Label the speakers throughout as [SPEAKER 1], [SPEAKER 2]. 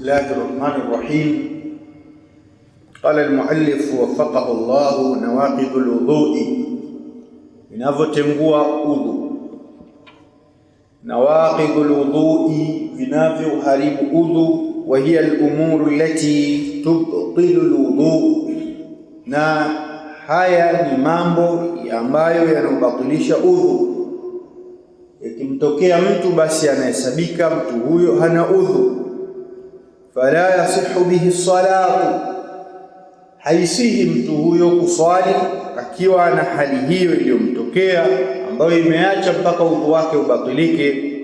[SPEAKER 1] Bismillahi rahmani rahim. Qala almuallif wafaqahu llahu, nawaqidul lwudhui vinavyotengua udhu. Nawaqidul lwudhui vinavyoharibu udhu. Wa hiya lumuru lati tubtilu lwudhu, na haya ni mambo ambayo yanaobatilisha udhu. Yakimtokea mtu, basi anahesabika mtu huyo hana udhu fala yasihu bihi salatu, haisihi mtu huyo kuswali akiwa na hali hiyo iliyomtokea ambayo imeacha mpaka udhu wake ubatilike,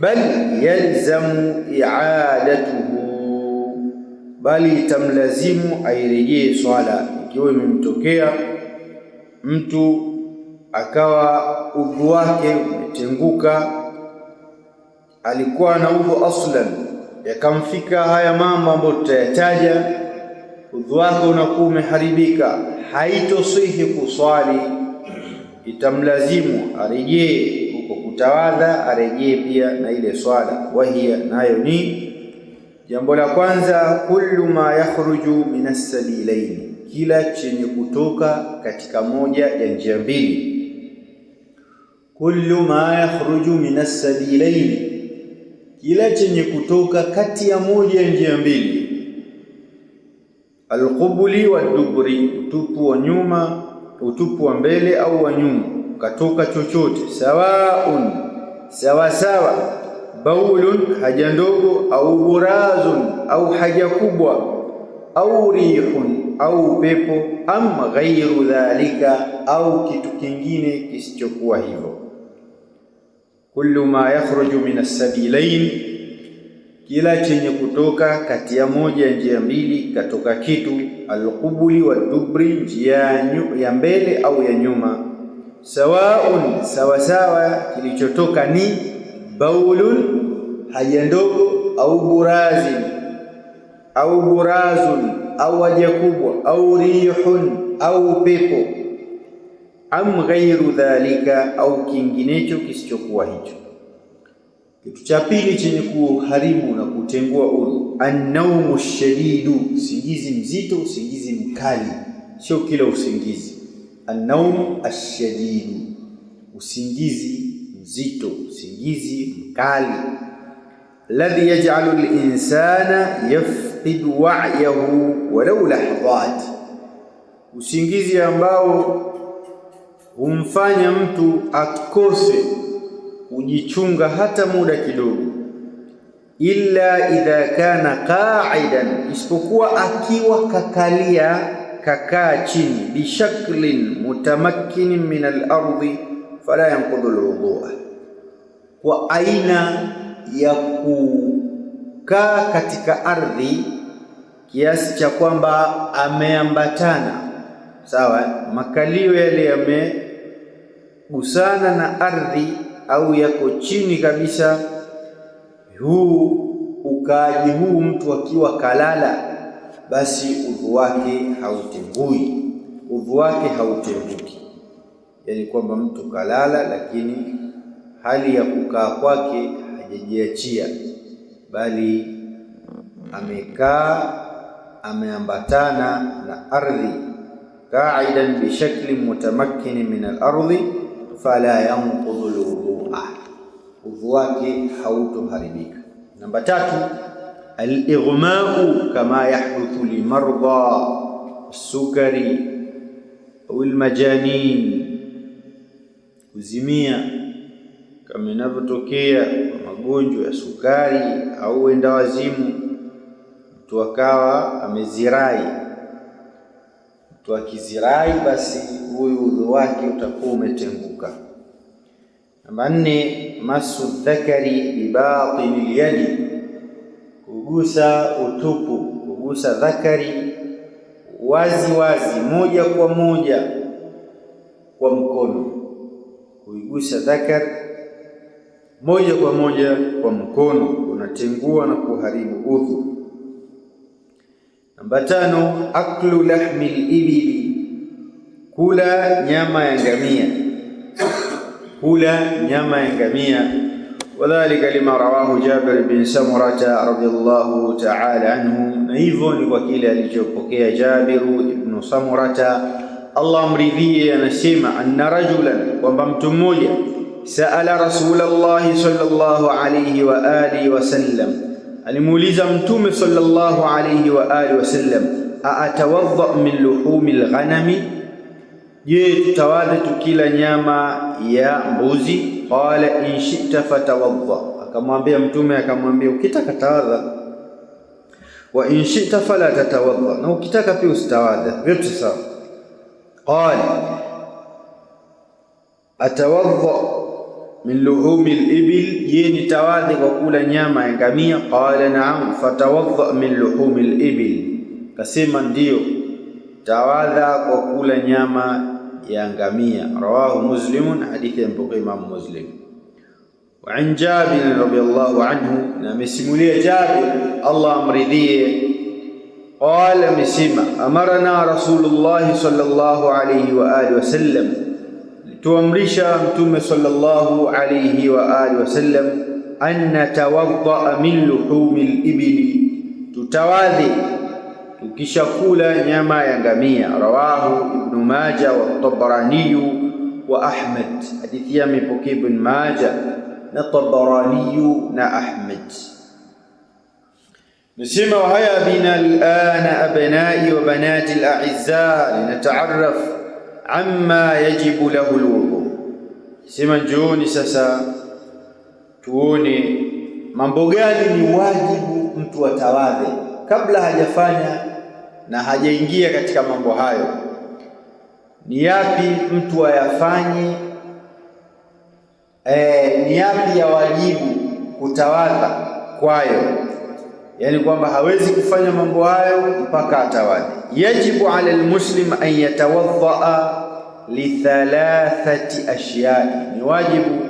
[SPEAKER 1] bal yalzamu i'adatuhu, bali itamlazimu airejee swala. Ikiwa imemtokea mtu akawa udhu wake umetenguka, alikuwa na udhu aslan yakamfika haya mambo ambayo tutayataja, udhu wake unakuwa umeharibika, haitosihi kuswali, itamlazimu arejee huko kutawadha, arejee pia na ile swala. Wahiya, nayo ni jambo la kwanza, kullu ma yakhruju min as-sabilaini, kila chenye kutoka katika moja ya njia mbili. Kullu ma yakhruju min as-sabilaini kila chenye kutoka kati ya moja ya njia mbili, alqubuli wa duburi, utupu wa nyuma, utupu wa mbele au wa nyuma, katoka chochote, sawaun, sawasawa, baulun, haja ndogo, au burazun, au haja kubwa, au rihun, au upepo, am ghairu dhalika, au kitu kingine kisichokuwa hivyo kullu ma yakhruju min as-sabilain, kila chenye kutoka kati ya moja ya njia mbili katoka kitu. Alqubuli dubri njia ya mbele au ya nyuma. Sawaun, sawasawa kilichotoka ni baulun, haja ndogo au burazi au burazun au haja kubwa au rihun au pepo am ghairu dhalika, au kinginecho kisichokuwa hicho. Kitu cha pili chenye kuharimu na kutengua udhu, annaumu shadidu, usingizi mzito, usingizi mkali, sio kila usingizi. Annaumu ashadidu, usingizi mzito, usingizi mkali, alladhi yaj'alu linsana insana yafqidu wa'yahu walau lahdhat, usingizi ambao humfanya mtu akose kujichunga hata muda kidogo, illa idha kana qa'idan, isipokuwa akiwa kakalia kakaa chini, bishaklin mutamakkinin min al fala yanqudhu al kwa aina ya kukaa katika ardhi kiasi cha kwamba ameambatana sawa, makalio yale yame gusana na ardhi au yako chini kabisa. Huu ukaaji huu mtu akiwa kalala, basi udhu wake hautengui, udhu wake hautenguki, yani kwamba mtu kalala, lakini hali ya kukaa kwake hajajiachia, bali amekaa ameambatana na ardhi, qaidan shakli mutamakkin min al-ardhi فلا ينقض الوضوء وضوءك حوت هربيك نمبر الإغماء كما يحدث لمرضى السكري أو المجانين وزمية كما نبتوكيا ومقونج السكري أو إندوازيم توكاوا أمزيراي twakizirai basi huyu udhu wake utakuwa umetenguka. Namba nne, masu dhakari bibatini lyadi, kugusa utupu, kugusa dhakari wazi wazi, moja kwa moja kwa mkono, kuigusa dhakari moja kwa moja kwa mkono, unatengua na kuharibu udhu. Namba tano, aklu lahmi ibili, kula nyama ya ngamia, kula nyama ya ngamia. Wadhalika lima rawahu Jabir bin Samurata radhiyallahu ta'ala anhu, na hivyo ni kwa kile alichopokea Jabir ibn Samurata, Allah amridhie, anasema anna rajulan, kwamba mtu mmoja saala Rasulallahi sallallahu alayhi wa alihi wasallam alimuuliza Mtume sallallahu alayhi wa alihi wasallam, aatawadha min luhumi lghanami, je, tutawadhe tukila nyama ya mbuzi? Qala in shita fatawadha, akamwambia Mtume akamwambia, ukitaka tawadha, wa in shita fala tatawadha, na ukitaka pia usitawadha, vyote sawa. Qala atawadha min luhumi libil, je ni tawadhi kwa kula nyama ya ngamia. Qala naam, fatawadha min luhumi libil, kasema ndiyo, tawadha kwa kula nyama ya ngamia. Rawahu Muslimun, hadithi yampoka Imamu Muslim. Wa an Jabir radhiyallahu anhu, na amesimulia Jabir, Allah amridhie قال مسيما أمرنا رسول الله صلى الله عليه وآله وسلم tuamrisha Mtume sallallahu alayhi wa alihi wasallam, an natawaddaa min luhumi libili, tutawadhi tukishakula nyama ya ngamia. Rawahu Ibnu Maja watabaraniyu wa Ahmad, hadithi ya mipokea Ibn Maja na Tabaraniyu na Ahmad. Nasema wahaya bina alana abnai wa banati alazza linataaraf amma yajibu lahu lwudhu. Sema njooni sasa tuone mambo gani ni wajibu mtu atawadhe kabla hajafanya na hajaingia katika mambo hayo, ni yapi mtu ayafanye? E, ni yapi ya wajibu kutawadha kwayo, yaani kwamba hawezi kufanya mambo hayo mpaka atawadhe. Yajibu ala almuslim an yatawadhaa lithalathati ashiai, ni wajibu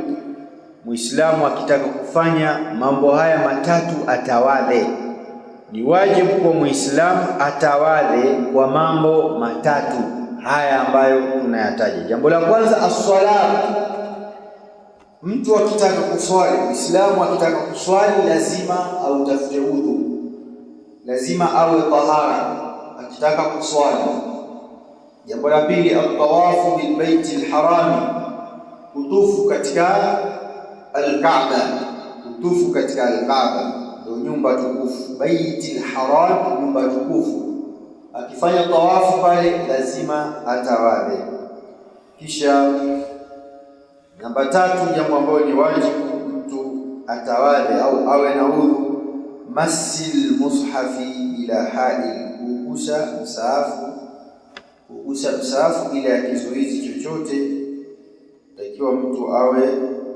[SPEAKER 1] muislamu akitaka kufanya mambo haya matatu atawadhe. Ni wajibu kwa muislamu atawadhe kwa mambo matatu haya ambayo tunayataja. Jambo la kwanza aswala, mtu akitaka kuswali, muislamu akitaka kuswali lazima autafute udhu, lazima awe tahara akitaka kuswali jambo la pili atawafu bilbaiti lharami kutufu katika alkaaba kutufu katika alkaaba ndio nyumba tukufu baiti lharam nyumba tukufu akifanya tawafu pale lazima atawabe kisha namba tatu jambo ambalo ni wajibu mtu atawabe au awe na udhu masil mushafi ila hali kuugusa msaafu kugusa msaafu bila ya kizuizi chochote, takiwa mtu awe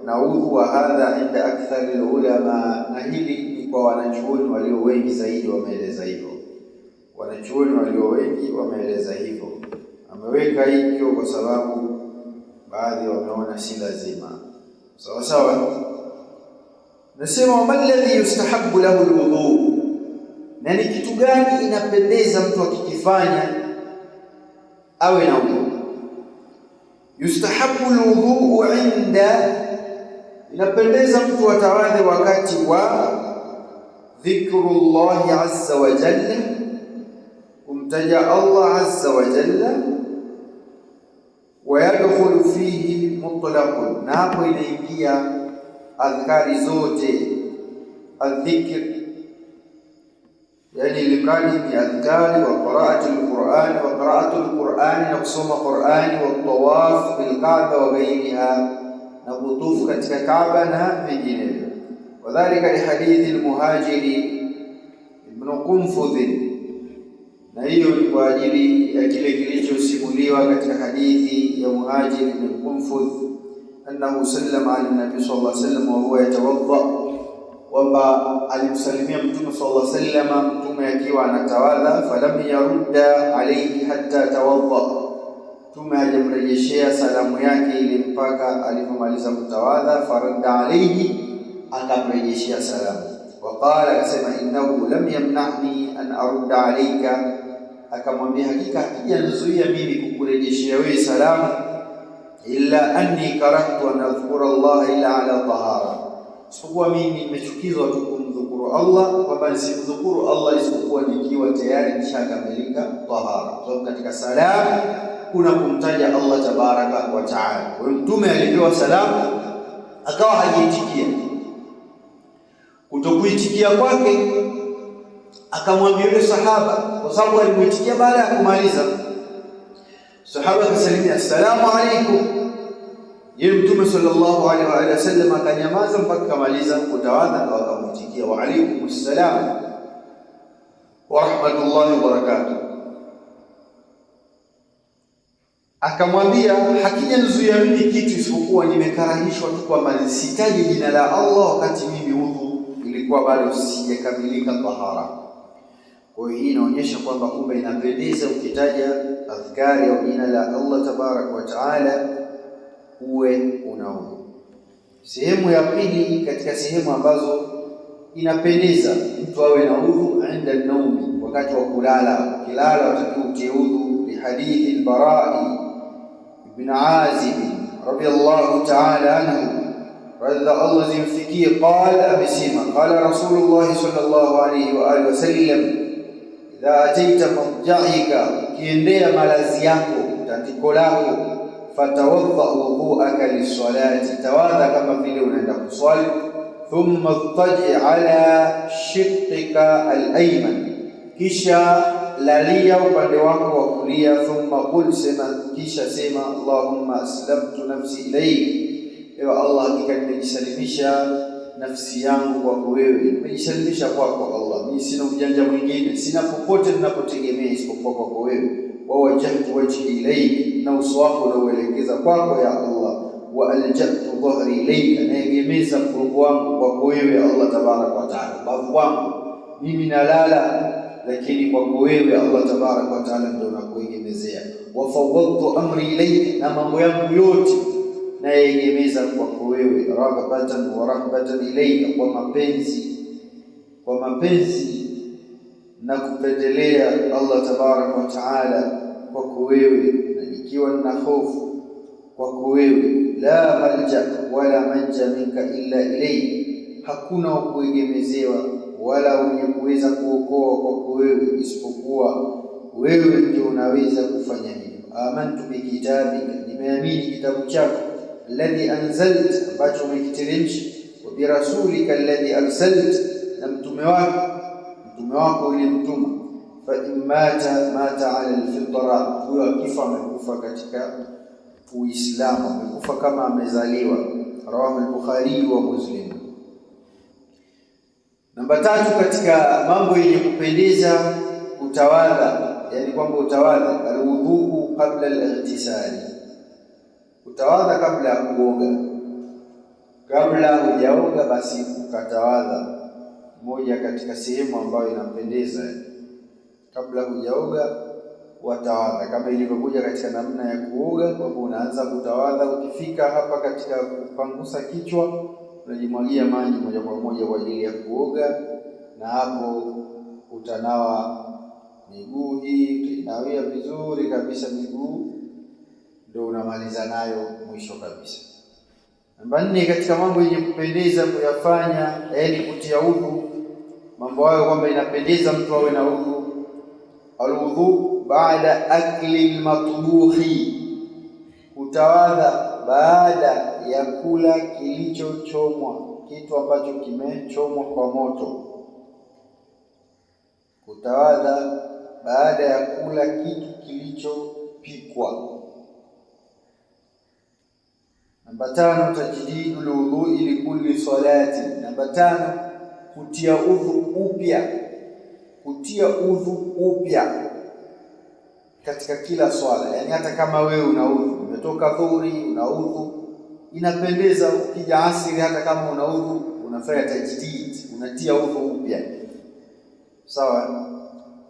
[SPEAKER 1] na udhu wa hadha inda akthari ulama, na hili ni kwa wanachuoni walio wengi zaidi wameeleza hivyo. Wanachuoni walio wengi wameeleza hivyo. Ameweka hivyo kwa sababu baadhi wameona si lazima. Sawa sawa, nasema alladhi yustahabu lahu lwudhu, na ni kitu gani inapendeza mtu akikifanya أو نوم يستحب الوضوء عند نبتدي زمت وتعالي وكاتي و الله عز وجل امتجى الله عز وجل ويدخل فيه مطلق ناقل إليكيا أذكار زوجي الذكر يعني لمراني أذكار وقراءة القرآن وقراءة القرآن نقصم قرآن والطواف بالكعبة وبينها نبطوف كتكعبة نهام في جنب وذلك لحديث المهاجر ابن قنفذ نهيه المهاجر يجل جريج السمولي وقت حديث مهاجر ابن قنفذ أنه سلم على النبي صلى الله عليه وسلم وهو يتوضأ kwamba alimsalimia Mtume sallallahu alaihi wasallam, Mtume akiwa anatawadha, falam yarudda alaihi hatta tawadha Mtume alimrejeshea salamu yake ile mpaka alipomaliza kutawadha. Faradda alaihi, akamrejeshea salamu. Waqala, akasema innahu lam yamna'ni an arudda alaika, akamwambia hakika hakijanizuia mimi kukurejeshea wewe salamu, illa anni karahtu an adhkura Allah illa ala tahara sikuwa mimi nimechukizwa tu kumdhukuru Allah, kwamba nisimdhukuru Allah isipokuwa nikiwa tayari nishakamilika tahara, kwa sababu katika salamu kuna kumtaja Allah tabaraka wa taala. Kwa hiyo mtume alipewa salamu akawa hajiitikia. Kutokuitikia kwake akamwambia yule sahaba, kwa sababu alimuitikia baada ya kumaliza. Sahaba akasalimia assalamu alaikum ye yaani Mtume sallallahu alaihi wa alihi wasallam akanyamaza mpaka kamaliza kutawadha, na wakamuitikia wa alaykum assalam wa rahmatullahi wa barakatuh. Akamwambia, nzuia mimi kitu isipokuwa nimekarahishwa tu kwamba sitaji jina la Allah wakati mimi udhu ilikuwa bado sijakamilika tahara. Kwa hiyo hii inaonyesha kwamba kumbe inapendeza ukitaja adhkari au jina la Allah tabaraka wa taala uwe unaona. Sehemu ya pili katika sehemu ambazo inapendeza mtu awe na udhu inda naumi, wakati wa kulala. Ukilala watakiwa utie udhu. Lihadithi al-Barai ibn Azib radiyallahu ta'ala anhu, radha Allah zimfikie, qala, amesema qala Rasulullah sallallahu alayhi wa alihi wasallam, idha ataita farjahika, ukiendea malazi yako, tandiko lako fatawadda wudhuaka lisalati, tawadha kama vile unaenda kuswali. Thumma ittaji ala shiqqika alayman, kisha lalia upande wako wa kulia. Thumma qul, sema kisha sema Allahumma aslamtu nafsi ilayk, ewa Allah, hakika nimejisalimisha nafsi yangu kwako wewe, nimejisalimisha kwako Allah, mimi sina ujanja mwingine, sina popote ninapotegemea isipokuwa kwako wewe wa wajhtu wajhi ilaik, na uso wako unauelekeza kwako ya Allah. Wa aljatu dhahri ilaika, naegemeza mgongo wangu kwako wewe Allah tabaraka wa taala. Bavu wangu mimi nalala, lakini kwako wewe Allah tabaraka wa taala ndio nakuegemezea. Wa amri ilaik, na mambo yangu yote nayegemeza kwako wewe. Raghbatan wa rahbatan ilaika, kwa mapenzi kwa mapenzi na kupendelea Allah tabaraka wa taala kwako wewe, na nikiwa nina hofu kwako wewe. La malja wala manja minka illa ilayk, hakuna wa kuegemezewa wala wenye kuweza kuokoa kwako wewe isipokuwa wewe, ndio unaweza kufanya hivyo. Amantu bikitabika, nimeamini kitabu chako, alladhi anzalta, ambacho umekiteremsha, wa birasulika alladhi arsalta, na mtume wako mtume wako yule mtume, fa imata mata ala alfitra, huyo akifa amekufa katika Uislamu, amekufa kama amezaliwa. Rawahu al-Bukhari wa Muslim. Namba tatu katika mambo yenye kupendeza utawala, yani kwamba utawala, alwudhuu kabla al-ightisali, utawadha kabla ya kuoga. Kabla hujaoga basi ukatawadha moja katika sehemu ambayo inampendeza. Kabla hujaoga watawadha, kama ilivyokuja katika namna ya kuoga kwamba unaanza kutawadha. Ukifika hapa katika kupangusa kichwa, unajimwagia maji moja kwa moja kwa ajili ya kuoga, na hapo utanawa miguu hii, utainawia vizuri kabisa miguu, ndio unamaliza nayo mwisho kabisa. Namba nne katika mambo yenye kupendeza kuyafanya, yaani kutia udhu mambo hayo kwamba inapendeza mtu awe na udhu. Alwudhu baada akli lmatbuhi, kutawadha baada ya kula kilichochomwa, kitu ambacho kimechomwa kwa moto. kutawadha baada ya kula kitu kilichopikwa. Namba tano, tajdidu lwudhui likulli salati. Namba tano kutia udhu upya, kutia udhu upya katika kila swala. yani hata kama wewe una udhu, umetoka dhuhuri una udhu, inapendeza ukija asiri, hata kama una udhu unafanya tajdid, unatia udhu upya, sawa.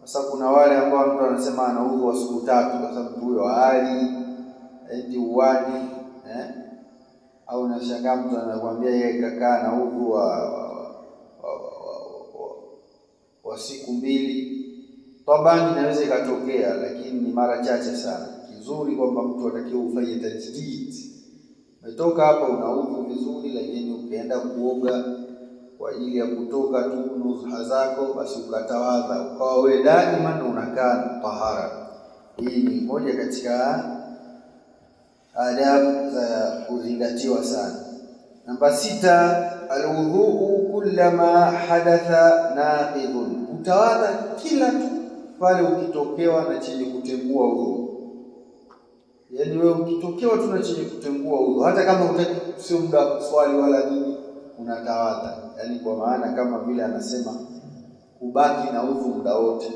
[SPEAKER 1] Sasa kuna wale ambao mtu anasema ana udhu wa siku tatu, kwa sababu huyo hali aendi uwani eh? au nashangaa mtu anakuambia yeye kakaa na udhu wa kwa siku mbili, tabani inaweza ikatokea, lakini ni mara chache sana. Kizuri kwamba mtu atakiwa ufanye tajdid. Umetoka hapa una vizuri, lakini ukienda kuoga kwa ajili ya kutoka tu nuzha zako, basi ukatawadha ukawa wewe daima na unakaa tahara. Hii ni moja katika adabu za kuzingatiwa sana. Namba sita, alwudhuu kullama hadatha naqidun utawala kila tu pale ukitokewa na chenye kutengua udhu. Yaani wewe ukitokewa tu na chenye kutengua udhu, hata kama hutaki, sio muda wa kuswali wala nini, unatawala. Yaani kwa maana kama vile anasema kubaki na udhu muda wote.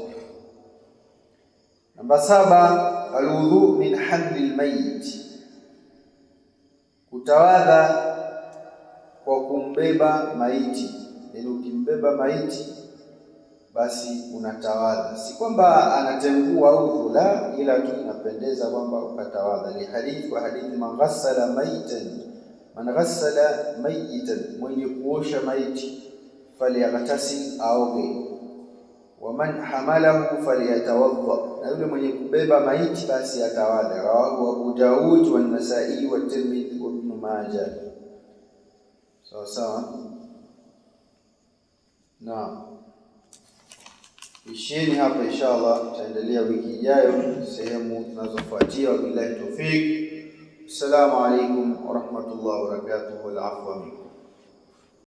[SPEAKER 1] Namba saba, aludhu min hamli lmayiti, kutawadha kwa kumbeba maiti. Yaani ukimbeba maiti basi unatawala. Si kwamba anatengua udhu, la, ila tu inapendeza kwamba ukatawala. Ni hadithi kwa hadithi, man ghassala maitan, man ghassala mwenye kuosha maiti, falyaghtasil, aoge, waman hamalahu falyatawadda, na yule mwenye kubeba maiti basi atawala. Rawahu Abu Daud wa watirmidhi wa Ibn Majah. Sawa sawa, naam ishieni hapa inshallah, tutaendelea wiki ijayo sehemu zinazofuatia. Wabillahi taufiki, assalamu alaikum warahmatullahi wabarakatuh. Wal minkum.